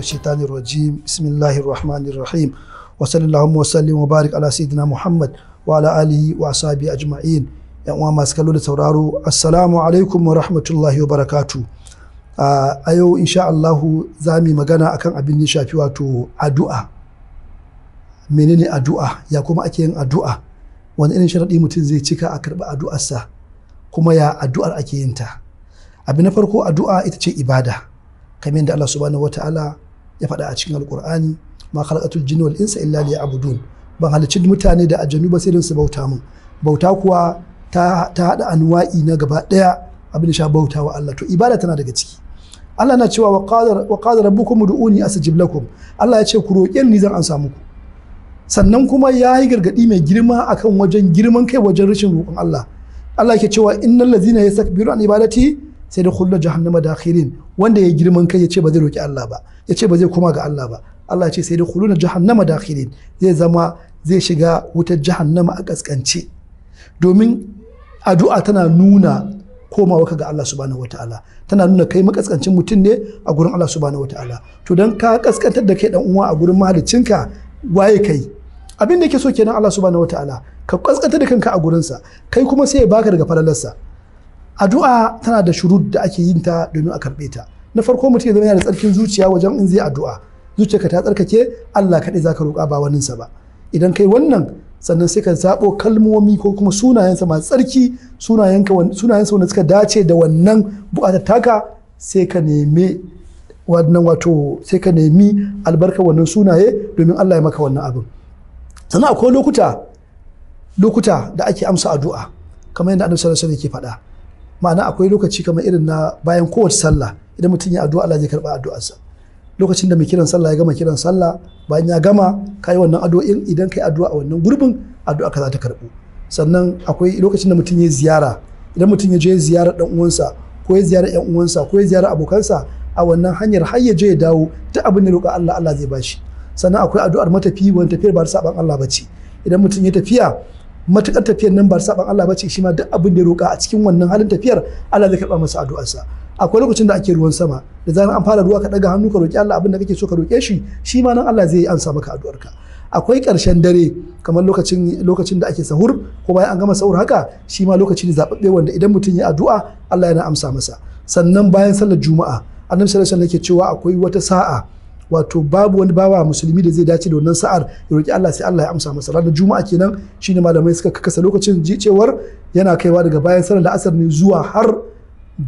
الشيطان الرجيم بسم الله الرحمن الرحيم وصلى اللهم وسلم وبارك على سيدنا محمد وعلى آله وأصحابه أجمعين yan uwa masu kallo da sauraro assalamu alaikum wa rahmatullahi wa barakatu a yau insha Allahu za mu magana akan abin da shafi wato addu'a menene addu'a ya kuma ake yin addu'a wani irin sharaɗi mutum zai cika a karɓi addu'arsa kuma ya addu'ar ake yin ta abin na farko addu'a ita ce ibada kamar da Allah subhanahu wataala ya faɗa a cikin alkur'ani ma khalaqatul jinni wal insa illa liya'budun ban halicci mutane da ajami ba sai don su bauta min bauta kuwa ta haɗa anwa'i na gaba ɗaya abin sha bauta wa Allah to ibada tana daga ciki Allah na cewa wa qala rabbukum ud'uni lakum Allah ya ce ku roƙe ni zan ansa muku sannan kuma ya yi gargaɗi mai girma akan wajen girman kai wajen rashin roƙon Allah Allah ke cewa innal ladzina yastakbiru an ibadati sai da khulla jahannama dakhirin wanda ya girman kai ya ce ba zai roƙi Allah ba ya ce ba zai koma ga Allah ba Allah ya ce sai da khuluna jahannama dakhirin zai zama zai shiga wutar jahannama a kaskance domin addu'a tana nuna komawa ka ga Allah subhanahu wataala tana nuna kai makaskancin mutum ne a gurin Allah subhanahu wataala to dan ka kaskantar da kai dan uwa a gurin ka waye kai abin da yake so kenan Allah subhanahu wataala ka kaskantar da kanka a gurin sa kai kuma sai ya baka daga falalarsa addu'a tana da shurud da ake yin ta domin a karbe ta na farko mutum ya zama yana da tsarkin zuciya wajen in zai addu'a zuciyarka ta tsarkake Allah kaɗai zaka roƙa ba sa ba idan kai wannan sannan sai ka zaɓo kalmomi ko kuma sunayensa masu tsarki sunayensa wanda suka dace da wannan buƙatar taka sai ka nemi wannan wato sai ka nemi albarkar wannan sunaye domin Allah ya maka wannan abin sannan akwai lokuta lokuta da ake amsa addu'a kamar yadda annabi sallallahu alaihi ke faɗa ma'ana akwai lokaci kamar irin na bayan kowace sallah idan mutum ya addu'a Allah zai karɓa addu'arsa lokacin da mai kiran sallah ya gama kiran sallah bayan ya gama ka wannan addu'o'in idan ka addu'a a wannan gurbin addu'a ka za ta karbu sannan akwai lokacin da mutum ya ziyara idan mutum ya je ziyara dan uwansa ko ya ziyara yan uwansa ko ya ziyara abokansa a wannan hanyar har ya je ya dawo duk abin da roƙa Allah Allah zai bashi sannan akwai addu'ar matafi wannan tafiyar ba saban Allah bace idan mutum ya tafiya matukar tafiyar nan ba saban Allah bace shi ma duk abin da roƙa a cikin wannan halin tafiyar Allah zai karba masa addu'arsa akwai lokacin da ake ruwan sama da zaran an fara ruwa ka daga hannu ka roki Allah abin da kake so ka roke shi shi ma nan Allah zai yi ansa maka addu'arka akwai karshen dare kamar lokacin lokacin da ake sahur ko bayan an gama sahur haka shi ma lokaci ne zababbe wanda idan mutum ya addu'a Allah yana amsa masa sannan bayan sallar juma'a annabi sallallahu alaihi wasallam cewa akwai wata sa'a wato babu wani bawa musulmi da zai dace da wannan sa'ar ya roki Allah sai Allah ya amsa masa ranar juma'a kenan shine malamai suka kasa lokacin jicewar yana kaiwa daga bayan sallar da asar ne zuwa har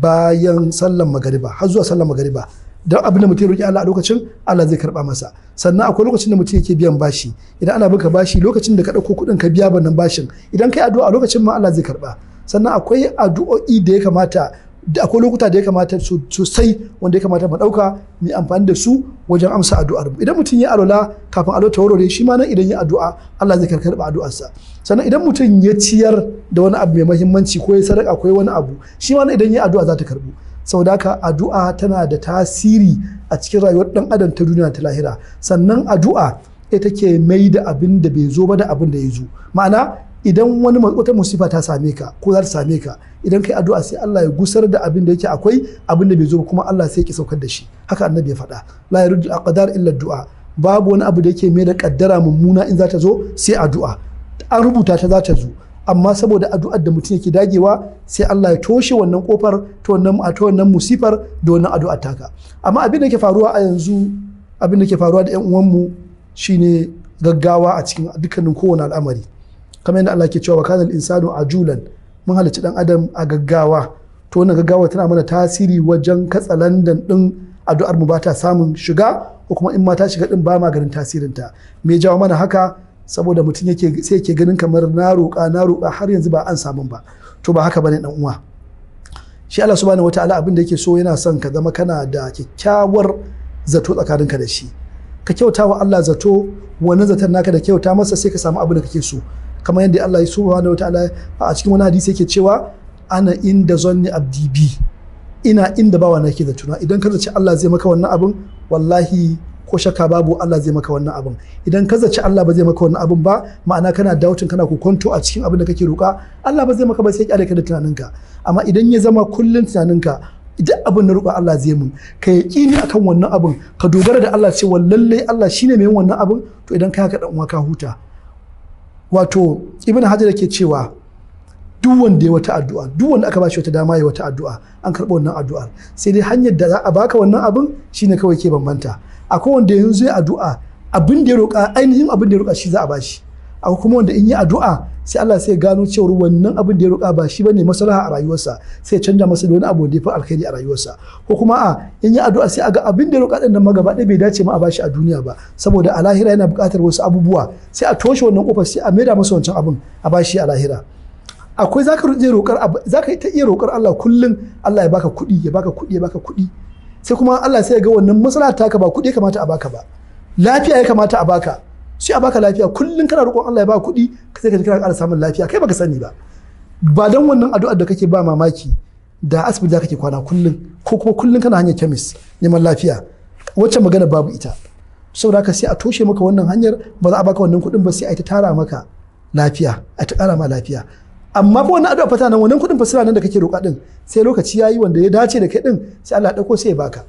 bayan sallan magariba har zuwa sallan magariba don abin da mutum roƙi Allah a lokacin Allah zai karɓa masa sannan akwai lokacin da mutum yake biyan bashi idan ana ka bashi lokacin da ka ɗauko kuɗin ka biya bannan bashin idan kai addu'a a lokacin ma Allah zai karɓa sannan akwai addu'o'i da ya kamata da akwai lokuta da ya kamata sosai wanda ya kamata mu dauka mu amfani da su wajen amsa addu'ar mu idan mutum ya alola kafin alo ta warware shi ma nan idan ya addu'a Allah zai karkar ba addu'arsa sannan idan mutum ya ciyar da wani abu mai muhimmanci ko ya sadaka ko wani abu shi ma nan idan ya addu'a za ta karbu saboda haka addu'a tana da tasiri a cikin rayuwar dan adam ta duniya ta lahira sannan addu'a ita take mai da abin da bai zo ba da abin da ya zo ma'ana idan wani wata musifa ta same ka ko za ta same ka idan kai addu'a sai Allah ya gusar da abin da yake akwai abin da bai zo kuma Allah sai ya saukar da shi haka annabi ya faɗa la a aqdar illa du'a babu wani abu da yake mai da kaddara mummuna in za ta zo sai addu'a an rubuta ta za ta zo amma saboda addu'ar da mutum yake dagewa sai Allah ya toshe wannan kofar to wannan to wannan musifar da wannan addu'a taka amma abin da ke faruwa a yanzu abin da ke faruwa da yan uwanmu shine gaggawa a cikin dukkanin kowane al'amari kamar yadda Allah ke cewa wa kanal insanu ajulan mun halarci dan adam a gaggawa to wannan gaggawa tana mana tasiri wajen katsalandan din addu'ar mu ba ta samun shiga ko kuma in ma ta shiga din ba ma ganin tasirin ta me jawo mana haka saboda mutum yake sai yake ganin kamar na roƙa na roƙa har yanzu ba an samu ba to ba haka bane dan uwa shi Allah subhanahu wataala abin da yake so yana son ka zama kana da kyakkyawar zato tsakaninka da shi ka kyauta wa Allah zato wannan zaton naka da kyauta masa sai ka samu abin da kake so kamar yadda Allah ya subhanahu wataala a cikin wani hadisi yake cewa ana inda zanni abdi ina inda bawa na ke da tuna idan ka zaci Allah zai maka wannan abin wallahi ko shakka babu Allah zai maka wannan abin idan ka zaci Allah ba zai maka wannan abin ba ma'ana kana dautin kana kokonto a cikin abin da kake roƙa Allah ba zai maka ba sai kyale ka da tunaninka amma idan ya zama kullun tunaninka duk abin na roƙa Allah zai mun ka yaƙini akan wannan abin ka dogara da Allah cewa lallai Allah shine mai wannan abin to idan ka ka dan uwa ka huta wato ibn hajar ke cewa duk wanda ya wata addu'a duk wanda aka bashi wata dama ya wata addu'a an karɓa wannan addu'ar sai dai hanyar da za a baka wannan abin ne kawai ke bambanta akwai wanda yanzu ya addu'a abin da ya roƙa ainihin abin da ya roƙa shi za a bashi akwai kuma wanda in yi addu'a sai Allah sai gano cewa wannan abin da ya ruka. ba shi bane maslaha a rayuwarsa sai canja masa da wani abu da ya fi alkhairi a rayuwarsa ko kuma a in yi addu'a sai aga abin da ya roƙa din nan magaba ɗaya bai dace ma a bashi a duniya ba saboda a lahira yana buƙatar wasu abubuwa sai a toshe wannan kofar sai a maida masa wancan abin a bashi a lahira akwai zaka je roƙar zaka ta iya roƙar Allah kullum Allah ya baka kuɗi ya baka kuɗi ya baka kuɗi sai kuma Allah sai ya ga wannan maslaha ka ba kuɗi kamata a baka ba lafiya ya kamata a baka sai a baka lafiya kullum kana roƙon Allah ya ba kuɗi sai ka kana ƙara samun lafiya kai baka sani ba ba dan wannan addu'a da kake ba mamaki da asibiti kake kwana kullum ko kuma kullum kana hanyar kemis neman lafiya wacce magana babu ita saboda haka sai a toshe maka wannan hanyar ba za a baka wannan kuɗin ba sai a ta tara maka lafiya a ta ƙara ma lafiya amma ba wannan addu'a fata nan wannan kuɗin fasira nan da kake roƙa din sai lokaci yayi wanda ya dace da kai din sai Allah ya dauko sai ya baka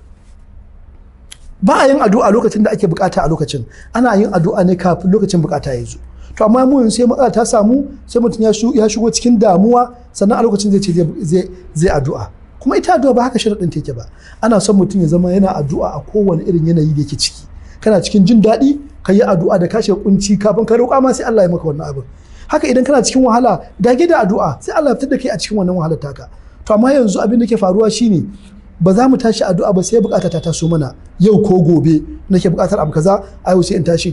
ba a yin addu'a lokacin da ake bukata a lokacin ana yin addu'a ne kafin lokacin bukata ya zo to amma mu sai matsala ta samu sai mutum ya shigo cikin damuwa sannan a lokacin zai ce zai addu'a kuma ita addu'a ba haka sharaɗin take ba ana son mutum ya zama yana addu'a a kowane irin yanayi da yake ciki kana cikin jin daɗi ka yi addu'a da kashe kunci kafin ka roƙa ma sai Allah ya maka wannan abin haka idan kana cikin wahala dage da addu'a sai Allah ya fitar da kai a cikin wannan wahalar taka to amma yanzu abin da ke faruwa shine ba za mu tashi addu'a ba sai bukata ta taso mana yau ko gobe nake bukatar abu kaza ai sai in tashi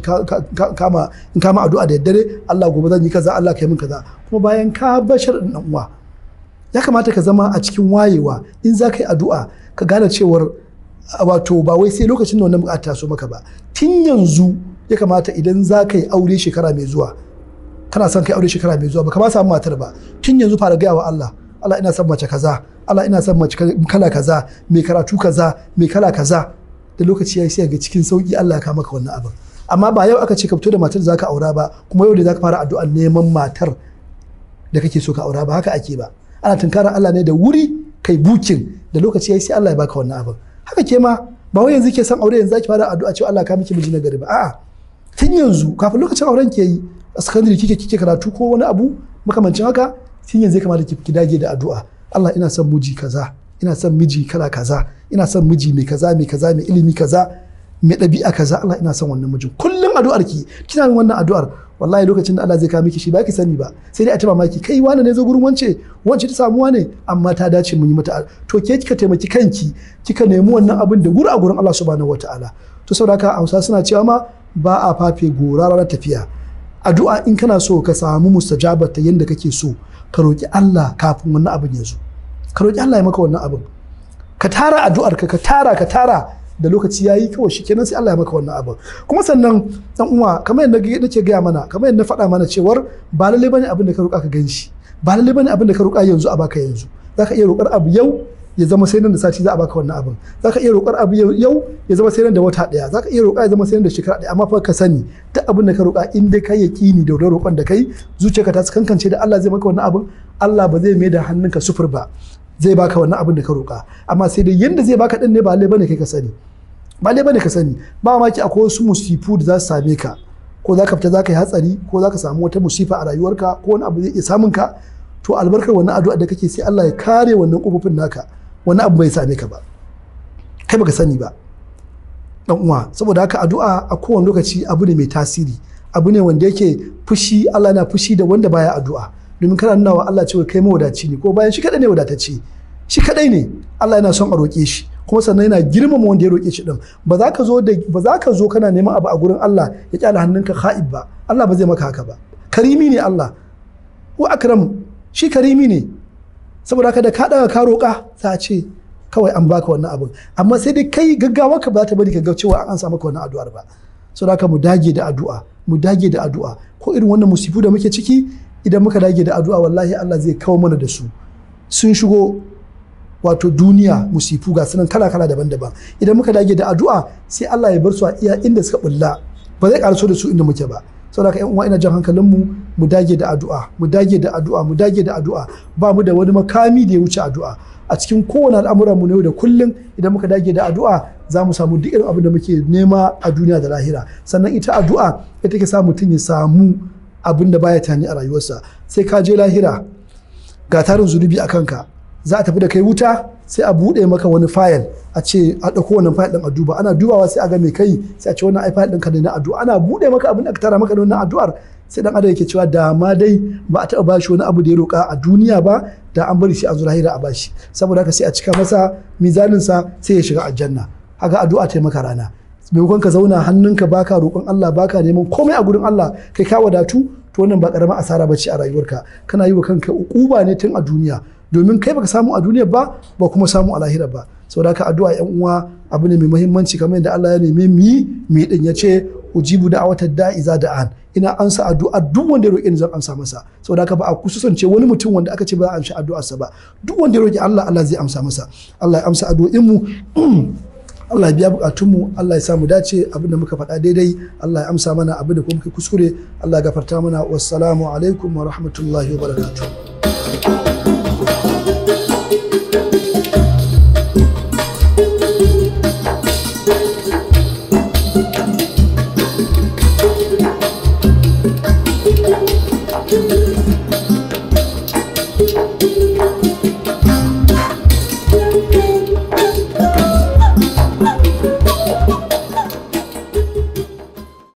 kama in kama addu'a da daddare Allah gobe zan yi kaza Allah kai min kaza kuma bayan ka bashar din dan uwa ya kamata ka zama a cikin wayewa in za ka yi addu'a ka gane cewar wato ba wai sai lokacin da wannan bukata taso maka ba tun yanzu ya kamata idan za ka yi aure shekara mai zuwa kana son kai aure shekara mai zuwa ba ka ba samu matar ba tun yanzu fara gaya wa Allah Allah ina son mace kaza Allah ina son mace kala kaza mai karatu kaza mai kala kaza da lokaci yayi sai ga cikin sauki Allah ya kama maka wannan abin amma ba yau aka ce ka fito da matar zaka aura ba kuma yau da zaka fara addu'a neman matar da kake so ka aura ba haka ake ba ana tunkarar Allah ne da wuri kai bukin da lokaci yayi sai Allah ya baka wannan abin haka ke ma ba wai yanzu ke san aure yanzu zaki fara addu'a cewa Allah ka miki miji na gari ba a'a tun yanzu kafin lokacin auren ke yi a sakandare kike kike karatu ko wani abu makamancin haka tun yanzu ya kamata ki dage da addu'a Allah ina son miji kaza ina son miji kala kaza ina son miji mai kaza mai kaza mai ilimi kaza mai ɗabi'a kaza Allah ina son wannan mijin kullum addu'ar ki kina yin wannan addu'ar wallahi lokacin da Allah zai kawo miki shi ba sani ba sai dai a taba maki kai wani ne zo gurin wance wance ta samuwa ne amma ta dace mun yi mata to ke kika taimaki kanki kika nemi wannan abin da guri a gurin Allah subhanahu wataala to saboda haka Hausa suna cewa ma ba a fafe gora ranar tafiya addu'a in kana so ka samu mustajabata yadda kake so ka roƙi Allah kafin wannan abin ya zo ka roƙi Allah ya maka wannan abin ka tara addu'ar ka ka tara ka tara da lokaci yayi kawai shikenan sai Allah ya maka wannan abin kuma sannan dan uwa kamar yadda nake gaya mana kamar yadda na faɗa mana cewar ba lalle bane abin da ka roƙa ka ganshi ba lalle bane abin da ka roƙa yanzu a baka yanzu zaka iya roƙar abu yau ya zama sai nan da sati za a baka wannan abin zaka iya roƙar abu yau ya zama sai nan da wata ɗaya zaka iya roƙa ya zama sai nan da shekara ɗaya amma fa ka sani duk abin da ka roƙa in dai kai ni da roƙon da kai zuciyarka ta kankance da Allah zai maka wannan abin Allah ba zai mai da hannunka sufur ba zai baka wannan abin da ka roƙa amma sai dai yanda zai baka din ne ba lai bane kai ka sani ba lai bane ka sani ba mamaki akwai wasu musifu da za su same ka ko za ka fita za ka yi hatsari ko za ka samu wata musifa a rayuwarka ko wani abu zai iya samun ka to albarkar wannan addu'a da kake sai Allah ya kare wannan kofofin naka wani abu bai same ka ba kai baka sani ba dan uwa saboda haka addu'a a kowane lokaci abu ne mai tasiri abu ne wanda yake fushi Allah na fushi da wanda baya addu'a domin kana nuna wa Allah cewa kai mawadaci ne ko bayan shi kadai ne wadatacce shi kadai ne Allah yana son a roke shi kuma sannan yana girmama wanda ya roƙe shi din ba za ka zo da ba za ka zo kana neman abu a gurin Allah ya kyale hannunka kha'ib ba Allah ba zai maka haka ba karimi ne Allah wa akram shi karimi ne saboda ka da ka daga ka roƙa za a ce kawai an baka wannan abin amma sai dai kai gaggawa ka ba ta bari ka ga cewa an samu ka wannan addu'ar ba saboda ka mu dage da addu'a mu dage da addu'a ko irin wannan musifu da muke ciki idan muka dage da addu'a wallahi Allah zai kawo mana da su sun shigo wato duniya musifu ga sunan kala kala daban-daban idan muka dage da addu'a sai Allah ya bar su a iya inda suka bulla ba zai karso da su inda muke ba saboda yan uwa ina jan hankalin mu mu dage da addu'a mu dage da addu'a mu dage da addu'a ba mu da wani makami da ya wuce addu'a a cikin kowane al'amuran mu na yau da kullum idan muka dage da addu'a za mu samu duk irin abin da muke nema a duniya da lahira sannan ita addu'a ita ke sa mutum ya samu abin da baya tani a rayuwarsa sai ka je lahira ga tarin zunubi a kanka za a tafi da kai wuta sai a buɗe maka wani fayil a ce a ɗauko wannan fayil ɗin a duba ana dubawa sai a ga mai kai sai a ce wannan ai fayil ɗin ka ne na addu'a ana buɗe maka abin da ka tara maka na wannan addu'ar sai dan adam yake cewa da ma dai ba a taɓa bashi wani abu da ya roƙa a duniya ba da an bari shi a zurahira a bashi saboda haka sai a cika masa mizanin sa sai ya shiga aljanna haka addu'a ta maka rana maimakon ka zauna hannunka baka roƙon Allah baka neman komai a gurin Allah kai ka wadatu to wannan ba karamar asara bace a rayuwarka kana yi wa kanka ukuba ne tun a duniya domin kai baka samu a duniya ba ba kuma samu a lahira ba da ka addu'a yan uwa abu ne mai mahimmanci kamar yadda Allah ya neme mi yi din ya ce ujibu da'awata daiza da an ina ansa addu'a duk wanda ya roƙe ni zan amsa masa da haka ba a kusance wani mutum wanda aka ce ba za a amshi sa ba duk wanda ya roƙi Allah Allah zai amsa masa Allah ya amsa addu'o'in mu Allah ya biya bukatunmu Allah ya samu dace abinda muka faɗa daidai Allah ya amsa mana abinda kuma muka kuskure Allah ya gafarta mana wassalamu alaikum wa rahmatullahi wa barakatuh Thank you.